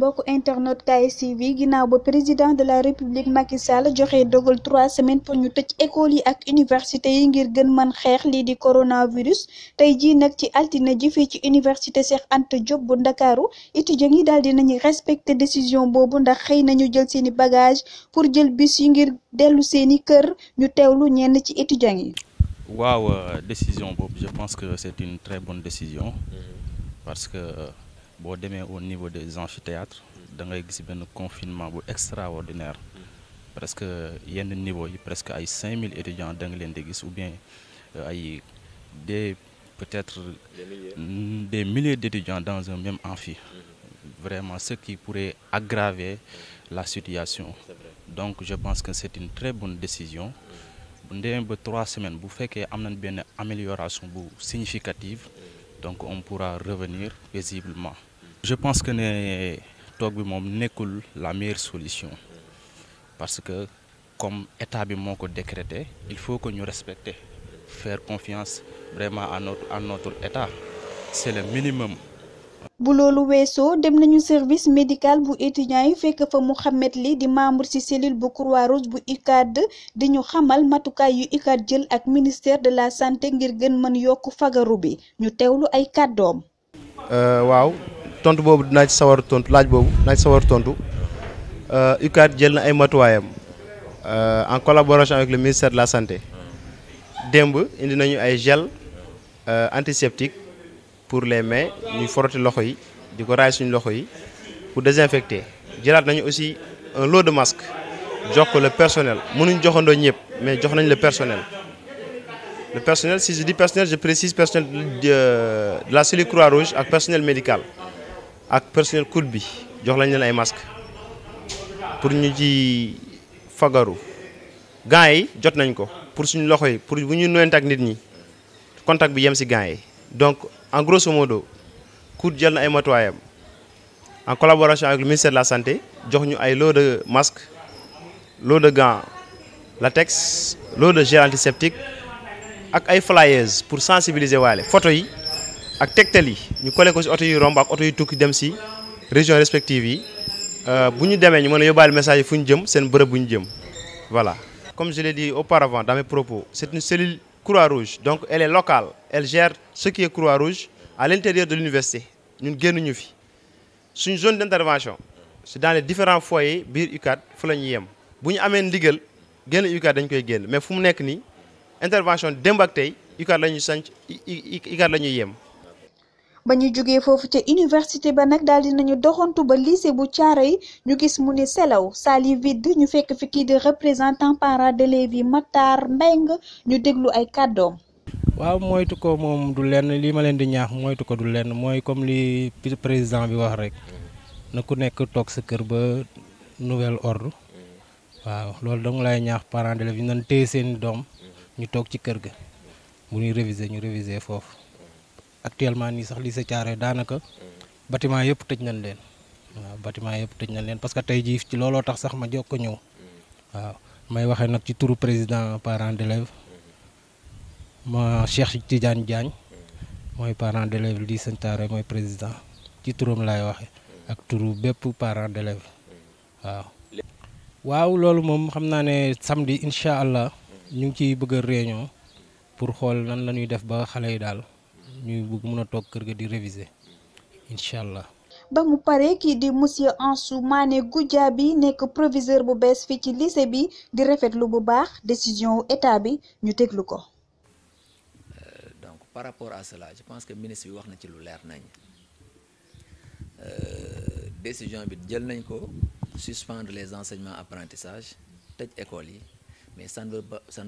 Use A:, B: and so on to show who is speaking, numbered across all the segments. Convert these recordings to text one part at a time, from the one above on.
A: mbokku internet KSTV ginnaaw ba président de la république Macky Sall joxe dogal trois semaines pour ñu tëj école yi ak université yi ngir gën man xeex lii di coronavirus tey jii nag ci altine ji fii ci université Cheikh ante Diop bu Ndakaaru étudiants yi daal dinañu respecter décision boobu ndax xëy nañu jël seeni bagage pour jël bis yi ngir dellu seeni kër ñu teewlu ñenn ci étudiants yi.
B: waaw euh, décision boobu je pense que c'est une très bonne décision. Mm-hmm. parce euh, boo demee au niveau des amphithéâtres da ngay gis benn confinement bu extraordinaire mm. presque yenn niveau yi presque ay 5000 étudiants da nga leen di gis ou euh, ay des peut-être mm, des milliers d'étudiants dans un même amphi mm-hmm. vraiment ce qui pourrait aggraver mm. la situation donc je pense que c'est une très bonne décision bu ba trois semaines bu fekkee am nañ benn amélioration bu significative donc on pourra revenir paisiblement je pense que ne toog bi moom nekkul la meilleure solution parce que comme état bi moo ko décrété il faut que ñu respecter faire confiance vraiment à notre à notre état c'est le minimum.
A: bu loolu weesoo dem nañu service médical bu étudiants yi fekk fa Mouhamed Li di membre ci cellule bu Croix-Rouge bu UCAD di ñu xamal matukaay yu UCAD jël ak ministère de la santé ngir gën mën yokk fagaru bi ñu teewlu ay kàddoom.
C: Euh, waaw. tontu boobu dinaa ci sawar tontu laaj boobu dinaa ci sawar tontu euh, UCAD jël na ay matuwaayam euh, en collaboration avec le ministère de la santé démb indi nañu ay gel euh, antiseptique pour les mais ñuy foroti loxo yi di ko raay suñu loxo yi pour désinfecter jëlaat nañu aussi un lot de masques jox ko le personnel mënuñ joxandoo ñëpp mais jox nañ le personnel. le personnel si je dis personnel je précise personnel de la cellule Croix-Rouge ak personnel médical. ak personnel court bi jox lañ leen ay masque pour ñu ji fagaru gants yi jot nañ ko pour suñu loxo yi pour bu ñu noyante ak nit ñi contact bi yem si gants yi donc en grosso modo court jël na ay matuwaayam en collaboration avec le ministère la santé jox ñu ay lot de masques lot de la tex loo de gel antiseptique ak ay flyers pour sensibiliser waale photo yi ak tegtal yi ñu collé ko si oto yu romb ak oto yu tukki dem si région respective yi euh, bu ñu demee ñu mën a yóbbaale message fu ñu jëm seen bërëb bu ñu jëm voilà. Comme je l'ai dit auparavant dans mes propos c'est une cellule Croix-Rouge donc elle est locale elle gère ce qui est Croix-Rouge à l'intérieur de l'université ñun génnuñu fi suñu zone d'intervention c'est dans les différent foyers biir UCAD fu la ñuy yem bu ñu amee ndigal génn UCAD dañ koy génn mais fu mu nekk nii intervention démb ak tey UCAD la ñuy sanc UCAD la ñuy yem.
A: ba ñu jógee foofu ca université ba nag daal nañu doxantu ba lycée bu yi ñu gis mu ni selaw salle yi vide ñu fekk fi kii di représentant parents d'élèves yi Matar Mbengue ñu déglu ay kàddoom
D: waaw moytu ko moom du lenn lii ma leen di ñaax moytu ko du lenn mooy comme li président bi wax rek na ku nekk toog sa kër ba nouvelle ordre waaw loolu dama lay ñaax parents d'élèves yi nan téye seen doom ñu toog ci kër ga bu ñuy réviser ñu réviser foofu actuellement nii sax lycée Thiaroye daanaka bâtiment yëpp tëj nañ leen waaw bâtiment yëpp tëj nañ leen parce que tey jii ci looloo tax sax ma jog ko ñëw waaw may waxee nag ci turu président parent d'élèves ma Cheikh Tidiane Diagne mooy parent d'élèves lycée Thiaroye mooy président ci turam laay waxe ak turu bépp parent d'élèves waaw waaw loolu moom xam naa ne samedi incha allah ñu ngi ciy bëgg a réunion pour xool nan la ñuy def ba xale yi daal ñuy bëgg mën a toog kër ga di réviser incha allah.
A: ba mu pare kii di monsieur Ansou Mané Goudiaby nekk proviseur bu bees fii ci lycée bi di rafetlu bu baax décision état bi ñu teg lu ko.
E: Euh, donc par rapport à cela je pense que ministre bi wax na ci lu leer nañ euh, décision bi jël nañ ko suspendre les enseignements apprentissage tëj école yi mais ça ne veut pas ça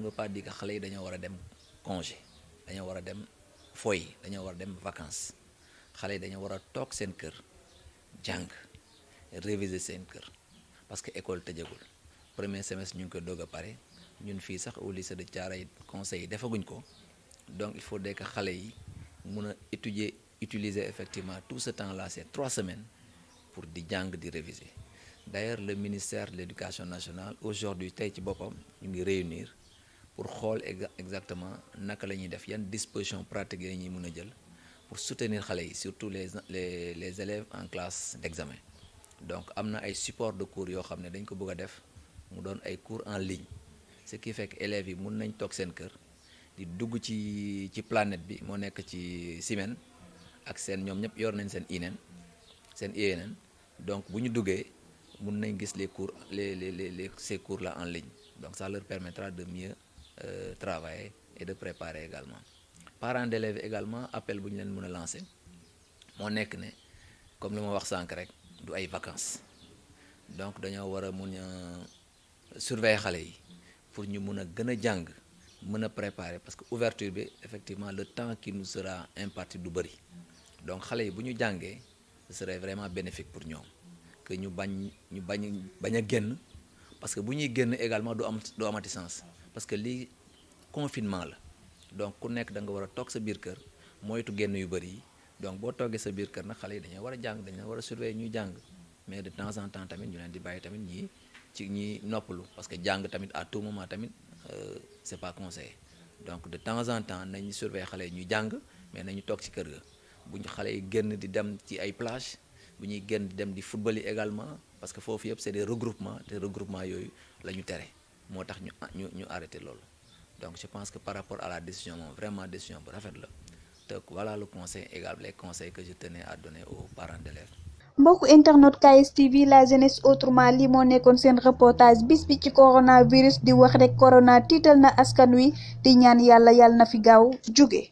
E: xale yi dañoo war a dem congé dañoo war a dem. fooy dañoo war a dem vacances xale yi dañoo war a toog seen kër jàng réviser seen kër parce que école tëjagul premier semestre ñu ngi ko doog a pare ñun fii sax au lycée de Thiaroye conseil yi defaguñ ko donc il faut de que xale yi mun a étudier utiliser effectivement tout ce temps la c'est trois semaines pour di jàng di réviser d'ailleurs le ministère de l'éducation nationale aujourd'hui tey ci boppam ñu ngi réunir pour xool exactement naka la ñuy def yan disposition pratique yi ñuy mun a jël pour soutenir xale yi surtout les les les élèves en classe d'examen donc am na ay support de cours yoo xam ne dañ ko bëgg a def mu doon ay cours en ligne ce qui fekk élèves yi mun nañ toog seen kër di dugg ci ci planète bi moo nekk ci semaine ak seen ñoom ñëpp yor nañ seen INEN e seen IENN e donc bu ñu duggee mun nañ gis les cours les les les ces cours là en ligne donc ça leur permettra de euh, travailler et de préparer également parents d'élèves également appel bu ñu leen mun a lancer moo nekk ne comme li ma wax sànq rek du ay vacances donc dañoo war a mun a surveiller xale yi pour ñu mun a gën a jàng mën a préparer parce que ouverture bi effectivement le temps qui nu sera imparti du bëri donc xale yi bu ñu jàngee ce serait vraiment bénéfique pour ñoom que ñu bañ ñu bañ bañ a génn parce que bu ñuy génn également du am du amati sens parce que lii confinement la donc ku nekk da nga war a toog sa biir kër moytu génn yu bëri yi donc boo toogee sa biir kër nag xale yi dañoo war a jàng dañoo war a surveiller ñuy jàng mais de temps en temps tamit ñu leen di bàyyi tamit ñii ci ñi noppalu parce que jàng tamit à tout moment tamit euh, c'est pas conseillé donc de temps en temps nañu surveiller xale yi ñuy jàng mais nañu toog ci kër ga bu ñu xale yi génn di dem ci ay plage bu ñuy génn di dem di football également parce que foofu yëpp c'est des regroupements te regroupements yooyu la ñu tere moo tax ñu ñu ñu arrêté loolu donc je pense que par rapport à la décision moom vraiment décision bu rafet la te voilà le conseil égal les conseils que je tenais à donner aux parents d'élèves
A: mbokku internet KSTV la jeunesse autrement lii moo nekkoon seen reportage bis bi ci coronavirus di wax rek corona tiital na askan wi di ñaan yàlla yàlla na fi gaaw jóge